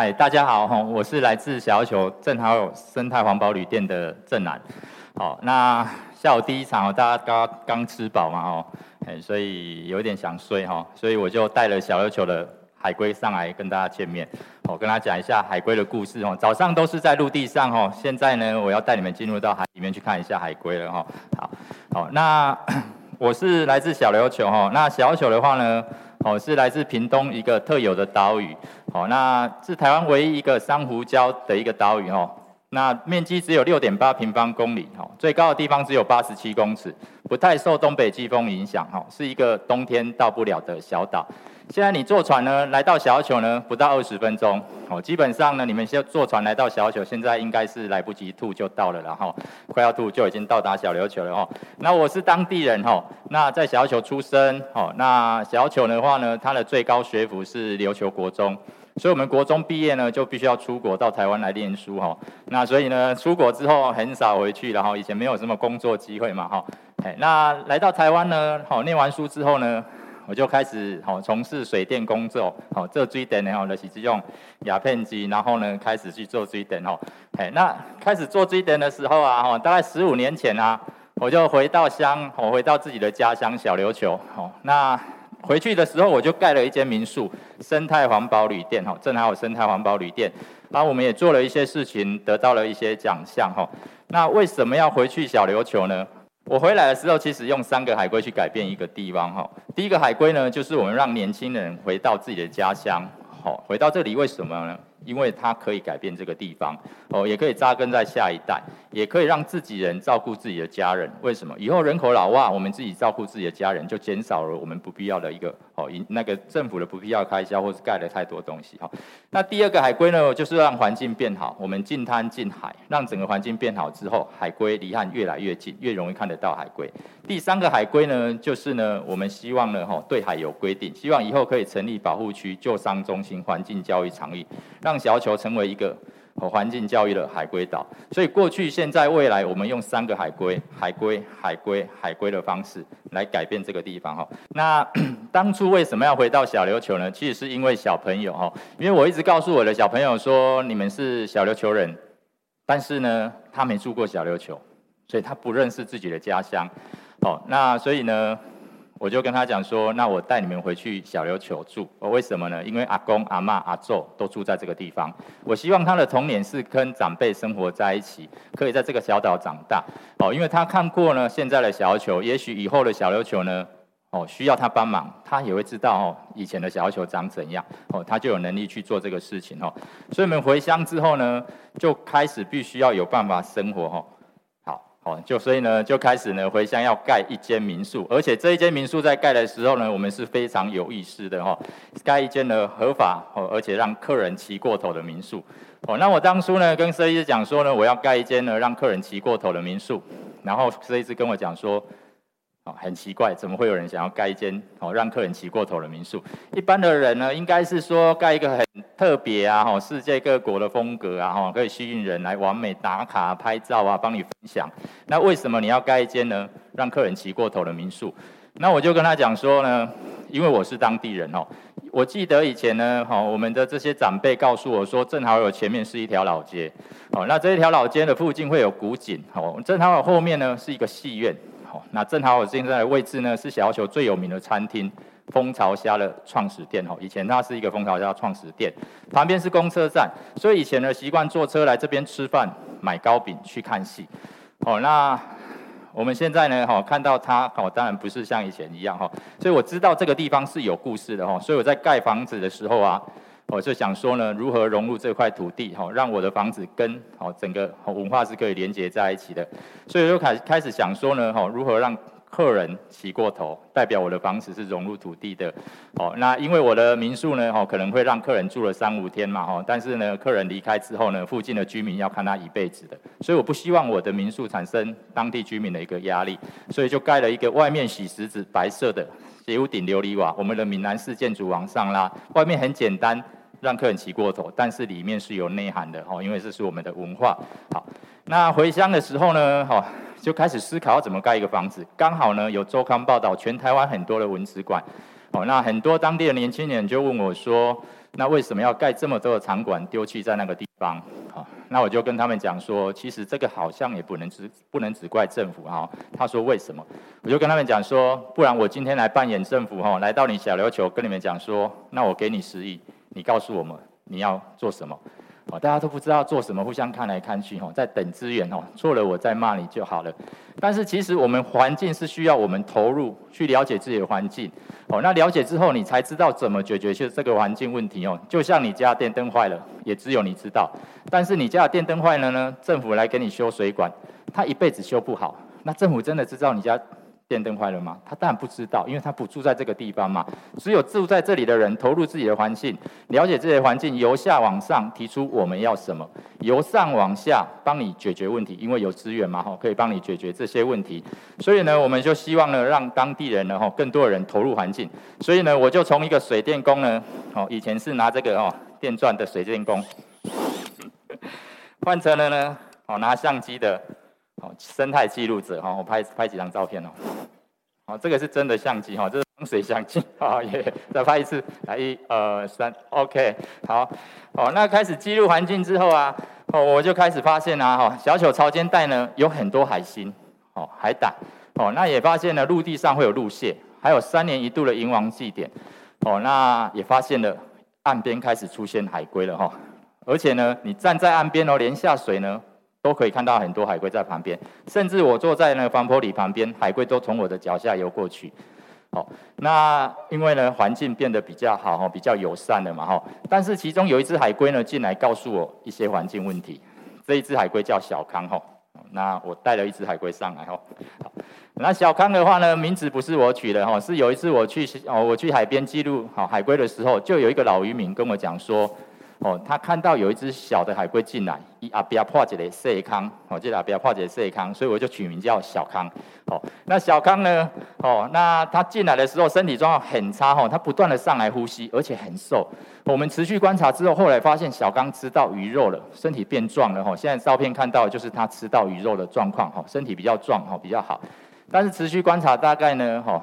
嗨，大家好，我是來自小琉球正好友生態環保旅店的正男，好，那下午第一場哦，大家剛剛吃飽嘛，哦，所以有點想睡哈，所以我就帶了小琉球的海龜上來跟大家見面，我跟大家講一下海龜的故事哦，早上都是在陸地上哦，現在呢，我要帶你們進入到海裡面去看一下海龜了哈，好，好，那我是來自小琉球哦，那小琉球的話呢。哦，是來自屏東一個特有的島嶼，哦，那是台灣唯一一個珊瑚礁的一個島嶼，哦。那面積只有六點八平方公里，哈，最高的地方只有八十七公尺，不太受東北季風影響，哈，是一個冬天到不了的小島。現在你坐船呢，來到小琉球呢，不到二十分鐘，哦，基本上呢，你們坐坐船來到小琉球，現在應該是來不及吐就到了，然後快要吐就已經到達小琉球了，哈。那我是當地人，哈，那在小琉球出生，哦，那小琉球的話呢，它的最高學府是琉球國中。所以我們國中畢業呢，就必須要出國到台灣來念書哈。那所以呢，出國之後很少回去，然後以前沒有什麼工作機會嘛哈。那來到台灣呢，好念完書之後呢，我就開始好從事水電工作，好做水電呢，好、就、的、是、用壓片機，然後呢開始去做水電哈。那開始做水電的時候啊，哈，大概十五年前啊，我就回到鄉，我回到自己的家鄉小琉球，好那。回去的時候，我就蓋了一間民宿，生態環保旅店哈，正好友生態環保旅店，然後我們也做了一些事情，得到了一些獎項哈。那為什麼要回去小琉球呢？我回來的時候，其實用三個海龜去改變一個地方哈。第一個海龜呢，就是我們讓年輕人回到自己的家鄉，好，回到這裡為什麼呢？因為它可以改變這個地方，哦，也可以扎根在下一代，也可以讓自己人照顧自己的家人。為什麼？以後人口老化我們自己照顧自己的家人，就減少了我們不必要的一個哦，那個政府的不必要開銷，或是蓋了太多東西哈、哦。那第二個海龜呢，就是讓環境變好，我們進灘進海，讓整個環境變好之後，海龜離岸越來越近，越容易看得到海龜。第三個海龜呢，就是呢，我們希望呢，哦、對海有規定，希望以後可以成立保護區、救傷中心、環境教育場域。讓小琉球成為一個和環境教育的海龜島，所以過去、現在、未來，我們用三個海龜、海龜、海龜、海龜的方式來改變這個地方。哈，那當初為什麼要回到小琉球呢？其實是因為小朋友，哈，因為我一直告訴我的小朋友說，你們是小琉球人，但是呢，他沒住過小琉球，所以他不認識自己的家鄉。好，那所以呢？我就跟他講說，那我帶你們回去小琉球住。為什麼呢？因為阿公、阿嬤、阿祖都住在這個地方。我希望他的童年是跟長輩生活在一起，可以在這個小島長大。哦，因為他看過呢現在的小琉球，也許以後的小琉球呢，哦，需要他幫忙，他也會知道哦以前的小琉球長怎樣。哦，他就有能力去做這個事情哦。所以我們回鄉之後呢，就開始必須要有辦法生活哦。就所以呢，就開始呢回鄉要蓋一間民宿，而且這一間民宿在蓋的時候呢，我們是非常有意思的齁，蓋一間呢合法哦，而且讓客人騎過頭的民宿。哦，那我當初呢跟設計師講說呢，我要蓋一間呢讓客人騎過頭的民宿，然後設計師跟我講說。很奇怪，怎麼會有人想要蓋一間哦讓客人騎過頭的民宿？一般的人呢，應該是說蓋一個很特別啊，世界各國的風格啊，可以吸引人來完美打卡、拍照啊，幫你分享。那為什麼你要蓋一間呢？讓客人騎過頭的民宿？那我就跟他講說呢，因為我是當地人哦，我記得以前呢，哦我們的這些長輩告訴我說，正好友前面是一條老街，哦那這一條老街的附近會有古井，哦正好友後面呢是一個戲院。那正好我現在的位置呢，是小琉球最有名的餐廳蜂巢蝦的創始店吼，以前它是一個蜂巢蝦的創始店，旁邊是公車站，所以以前呢習慣坐車來這邊吃飯、買糕餅、去看戲，好，那我們現在呢，吼看到它，吼當然不是像以前一樣哈，所以我知道這個地方是有故事的哈，所以我在蓋房子的時候啊。我就想說呢，如何融入這塊土地，哈，讓我的房子跟，哈，整個文化是可以連接在一起的。所以就開開始想說呢，哈，如何讓客人騎過頭，代表我的房子是融入土地的。哦，那因為我的民宿呢，哦，可能會讓客人住了三五天嘛，哦，但是呢，客人離開之後呢，附近的居民要看他一輩子的。所以我不希望我的民宿產生當地居民的一個壓力，所以就蓋了一個外面洗石子白色的斜屋頂琉璃瓦，我們的閩南式建築往上拉，外面很簡單。讓客人騎過頭，但是裡面是有內涵的哈，因為這是我們的文化。好，那回鄉的時候呢，哈，就開始思考要怎麼蓋一個房子。剛好呢，有周刊報道全台灣很多的文史館，好，那很多當地的年輕人就問我說，那為什麼要蓋這麼多的場館丟棄在那個地方？好，那我就跟他們講說，其實這個好像也不能只不能只怪政府哈。他說為什麼？我就跟他們講說，不然我今天來扮演政府哈，來到你小琉球跟你們講說，那我給你十億。你告訴我們你要做什麼，好，大家都不知道做什麼，互相看來看去，吼，在等資源，吼，錯了，我再罵你就好了。但是其實我們環境是需要我們投入去了解自己的環境，哦，那了解之後你才知道怎麼解決就這個環境問題哦。就像你家電燈壞了，也只有你知道。但是你家的電燈壞了呢，政府來給你修水管，他一輩子修不好。那政府真的知道你家電燈壞了嗎？他當然不知道，因為他不住在這個地方嘛。只有住在這裡的人投入自己的環境，了解這些環境，由下往上提出我們要什麼，由上往下幫你解決問題，因為有資源嘛，吼，可以幫你解決這些問題。所以呢，我們就希望呢，讓當地人呢，吼，更多的人投入環境。所以呢，我就從一個水電工呢，哦，以前是拿這個哦電鑽的水電工，換成了呢，哦，拿相機的。好，生態記錄者，哈，我拍拍幾張照片哦。好，這個是真的相機，哈，這是防水相機，啊，耶，再拍一次，來一二三，OK，好，好，那開始記錄環境之後啊，哦，我就開始發現啊，哈，小琉球潮間帶呢有很多海星，哦，海膽，哦，那也發現了陸地上會有陸蟹，還有三年一度的迎王祭典，哦，那也發現了岸邊開始出現海龜了，哈，而且呢，你站在岸邊哦，連下水呢。都可以看到很多海龜在旁邊，甚至我坐在那個防波堤旁邊，海龜都從我的腳下游過去。好，那因為呢環境變得比較好，比較友善了嘛，哈，但是其中有一隻海龜呢進來告訴我一些環境問題。這一隻海龜叫小康，哈，那我帶了一隻海龜上來，哈，好，那小康的話呢，名字不是我取的，哈，是有一次我去哦，我去海邊記錄好海龜的時候，就有一個老漁民跟我講說。哦，他看到有一隻小的海龜進來，阿標破解了小康，哦，這阿標破解小康，所以我就取名叫小康。哦，那小康呢？哦，那他進來的時候身體狀況很差，吼，哦，他不斷地上來呼吸，而且很瘦。我們持續觀察之後，後來發現小康吃到魚肉了，身體變壯了，吼，哦。現在照片看到的就是他吃到魚肉的狀況，吼，哦，身體比較壯，吼，哦，比較好。但是持續觀察，大概呢，吼，哦。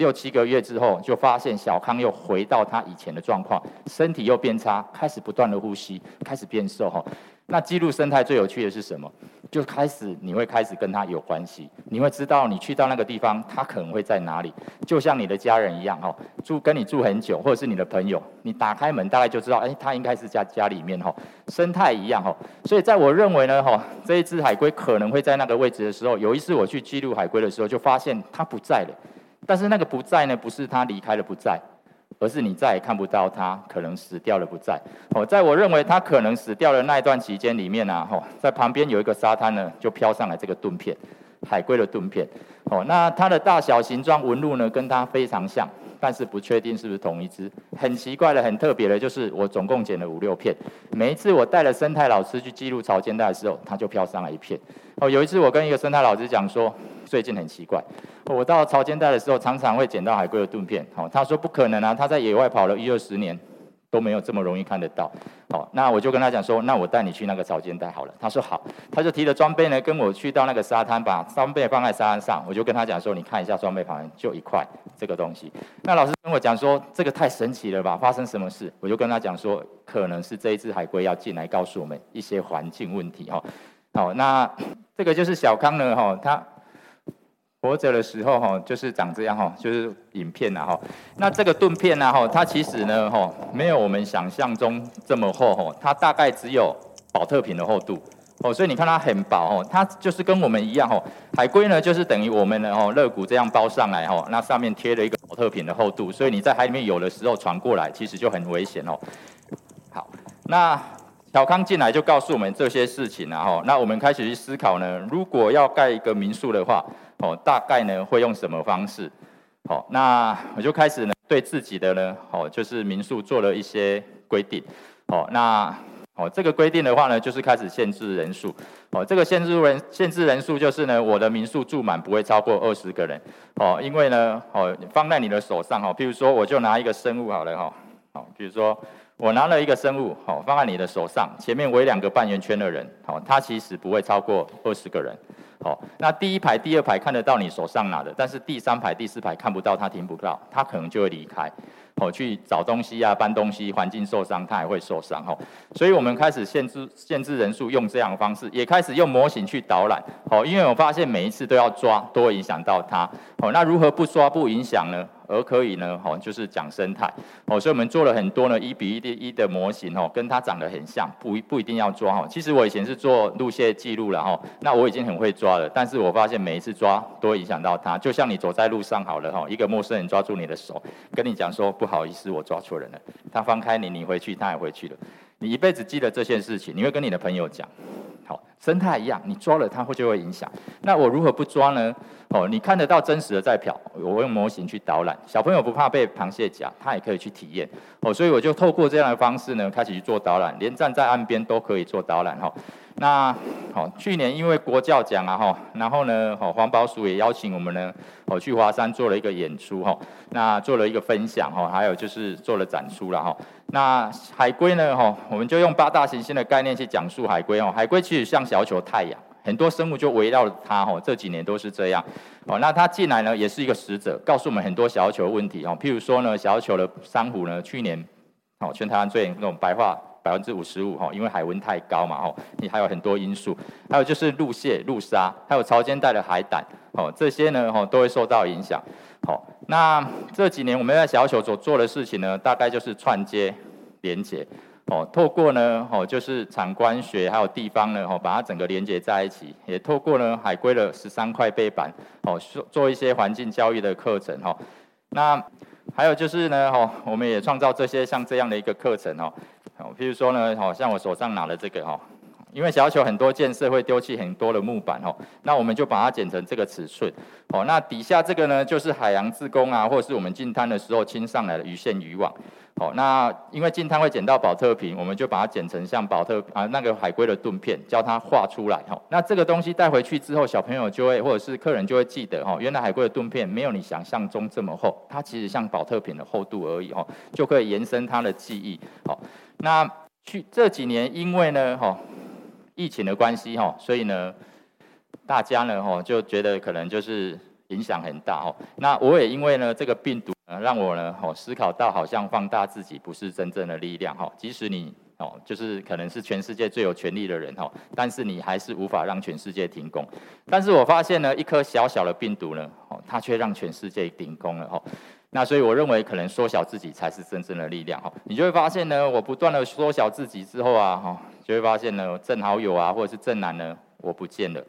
六七個月之後，就發現小康又回到他以前的狀況，身體又變差，開始不斷的呼吸，開始變瘦哈。那記錄生態最有趣的是什麼？就開始你會開始跟他有關係，你會知道你去到那個地方，他可能會在哪裡，就像你的家人一樣哈，住跟你住很久，或者是你的朋友，你打開門大概就知道，誒、欸，他應該是在家，家裡面哈。生態一樣哈，所以在我認為呢哈，這一隻海龜可能會在那個位置的時候，有一次我去記錄海龜的時候，就發現它不在了。但是那個不在呢，不是他離開了不在，而是你再也看不到他，可能死掉了不在。哦，在我認為他可能死掉的那一段期間裡面啊，哦，在旁邊有一個沙灘呢，就飄上來這個盾片，海龜的盾片。哦，那它的大小、形狀、紋路呢，跟它非常像。但是不確定是不是同一隻，很奇怪的，很特別的，就是我總共撿了五六片。每一次我帶了生態老師去記錄潮間帶的時候，它就飄上來一片。哦，有一次我跟一個生態老師講說，最近很奇怪，我到潮間帶的時候常常會撿到海龜的盾片。哦，他說不可能啊，他在野外跑了一二十年。都沒有這麼容易看得到，好，那我就跟他講說，那我帶你去那個潮間帶好了。他說好，他就提着裝備呢，跟我去到那個沙灘，把裝備放在沙灘上。我就跟他講說，你看一下裝備旁邊，就一塊這個東西。那老師跟我講說，這個太神奇了吧？發生什麼事？我就跟他講說，可能是這一隻海龜要進來，告訴我們一些環境問題哦。好，那這個就是小康呢，哈，他。活着的時候哈，就是長這樣哈，就是影片吶、啊、哈。那這個盾片呢、啊、哈，它其實呢哈，沒有我們想象中這麼厚哈，它大概只有寶特瓶的厚度哦，所以你看它很薄哦，它就是跟我們一樣哦。海龜呢就是等於我們的哦肋骨這樣包上來哦，那上面貼了一個寶特瓶的厚度，所以你在海裡面有的時候傳過來，其實就很危險哦。好，那小康進來就告訴我們這些事情然後，那我們開始去思考呢，如果要蓋一個民宿的話。哦，大概呢會用什麼方式？好、哦，那我就開始呢對自己的呢，哦，就是民宿做了一些規定。好、哦，那哦這個規定的話呢，就是開始限制人數。哦，這個限制人限制人數就是呢，我的民宿住滿不會超過二十個人。哦，因為呢，哦放在你的手上，哦，譬如說我就拿一個生物好了，哈，好，譬如說我拿了一個生物，好、哦、放在你的手上，前面圍兩個半圓圈的人，好、哦，他其實不會超過二十個人。好、哦，那第一排、第二排看得到你手上拿的，但是第三排、第四排看不到，他停不到，他可能就會離開，好、哦，去找東西啊、搬東西，環境受傷，他還會受傷哦。所以我們開始限制限制人數，用這樣的方式，也開始用模型去導覽。好、哦，因為我發現每一次都要抓，都會影響到他。好、哦，那如何不抓不影響呢？而可以呢，好像就是講生態，吼，所以我們做了很多呢，一比一的一的模型，哦，跟它長得很像，不不一定要抓。其實我以前是做路線記錄了，吼，那我已經很會抓了，但是我發現每一次抓都會影響到它。就像你走在路上好了，吼，一個陌生人抓住你的手，跟你講說，不好意思，我抓錯人了，他放開你，你回去，他也回去了，你一輩子記得這件事情，你會跟你的朋友講。好，生態一樣，你抓了它會就會影響。那我如何不抓呢？哦，你看得到真實的在漂，我用模型去導覽，小朋友不怕被螃蟹夾，他也可以去體驗。哦，所以我就透過這樣的方式呢，開始去做導覽，連站在岸邊都可以做導覽哈。那，好，去年因為國教獎啊，哈，然後呢，環保署也邀請我們呢，去華山做了一個演出，哈，那做了一個分享，哈，還有就是做了展出了，哈，那海龜呢，哈，我們就用八大行星的概念去講述海龜哦，海龜其實像小球太陽，很多生物就圍繞着它，哈，這幾年都是這樣，哦，那它進來呢，也是一個使者，告訴我們很多小球的問題，哦，譬如說呢，小球的珊瑚呢，去年，哦，全台灣最近那種白化。百分之五十五，因為海溫太高嘛，你還有很多因素，還有就是陸蟹、陸沙，還有潮間帶的海膽，吼，這些呢，都會受到影響。好，那這幾年我們在小琉所做的事情呢，大概就是串接、連接，哦，透過呢，哦，就是產官學，還有地方呢，吼，把它整個連接在一起，也透過呢，海龜的十三塊背板，哦，做一些環境教育的課程，那還有就是呢，吼，我們也創造這些像這樣的一個課程，譬如說呢，好像我手上拿的這個哈，因為小琉球很多建設，會丟棄很多的木板哦，那我們就把它剪成這個尺寸。哦，那底下這個呢，就是海洋自工啊，或者是我們淨灘的時候清上來的魚線、漁網。哦，那因為淨灘會撿到寶特瓶，我們就把它剪成像寶特啊那個海龜的盾片，叫它畫出來。哦，那這個東西帶回去之後，小朋友就會或者是客人就會記得哦，原來海龜的盾片沒有你想象中這麼厚，它其實像寶特瓶的厚度而已哦，就可以延伸它的記憶。好。那去這幾年，因為呢，吼、哦、疫情的關係，吼、哦。所以呢，大家呢，吼、哦、就覺得可能就是影響很大，吼、哦，那我也因為呢，這個病毒呢，讓我呢，吼、哦、思考到好像放大自己不是真正的力量，吼、哦，即使你，吼、哦、就是可能是全世界最有權力的人，吼、哦，但是你還是無法讓全世界停工。但是我發現呢，一顆小小的病毒呢，吼、哦，它卻讓全世界停工了，吼、哦。那所以我認為，可能縮小自己才是真正的力量哈。你就會發現呢，我不斷的縮小自己之後啊，哈，就會發現呢，正好友啊，或者是正男呢，我不見了，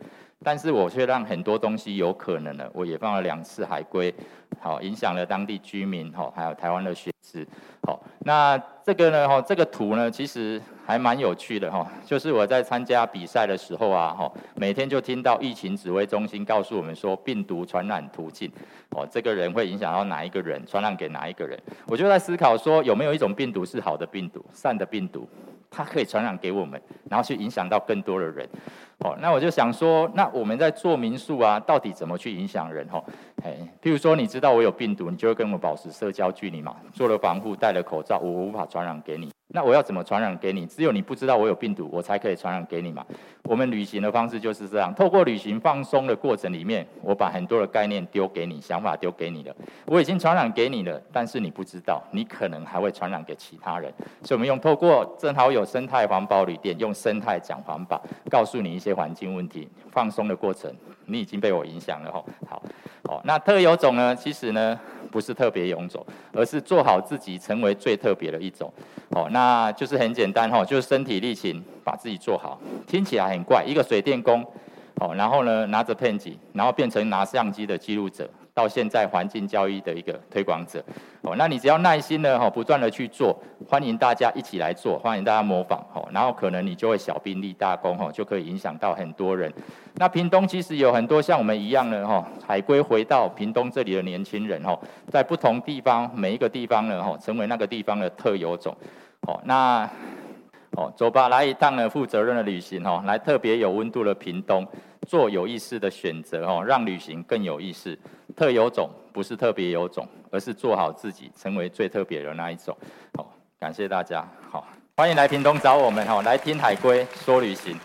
但是我卻讓很多東西有可能了。我也放了兩次海龜，好，影響了當地居民哈，還有台灣的學生。是，好，那這個呢，哈，這個圖呢，其實還蠻有趣的哈。就是我在參加比賽的時候啊，哈，每天就聽到疫情指揮中心告訴我們說，病毒傳染途徑，哦，這個人會影響到哪一個人，傳染給哪一個人，我就在思考說，有沒有一種病毒是好的病毒，善的病毒。它可以傳染給我們，然後去影響到更多的人。好，那我就想說，那我們在做民宿啊，到底怎麼去影響人？吼，哎，譬如說，你知道我有病毒，你就會跟我保持社交距離嘛，做了防護，戴了口罩，我無法傳染給你。那我要怎麼傳染給你？只有你不知道我有病毒，我才可以傳染給你嘛。我們旅行的方式就是這樣，透過旅行放鬆的過程裡面，我把很多的概念丟給你，想法丟給你了。我已經傳染給你了，但是你不知道，你可能還會傳染給其他人。所以我們用透過正好友生態環保旅店，用生態講環保，告訴你一些環境問題。放鬆的過程，你已經被我影響了吼。好，好，那特有種呢？其實呢？不是特別臃腫，而是做好自己，成為最特別的一種。哦，那就是很簡單哦，就是身體力行，把自己做好。聽起來很怪，一個水電工。哦，然後呢，拿着片機，然後變成拿相機的記錄者，到現在環境教育的一個推廣者。哦，那你只要耐心的哈，不斷的去做，歡迎大家一起來做，歡迎大家模仿哈，然後可能你就會小兵立大功哈，就可以影響到很多人。那屏東其實有很多像我們一樣的哈，海歸回到屏東這裡的年輕人哈，在不同地方每一個地方呢哈，成為那個地方的特有種。哦，那哦，走吧，來一趟呢負責任的旅行哈，來特別有溫度的屏東。做有意思的選擇哦，讓旅行更有意思。特有種不是特別有種，而是做好自己，成為最特別的那一種。好，感謝大家。好，歡迎來屏東找我們哦，來聽海龜說旅行。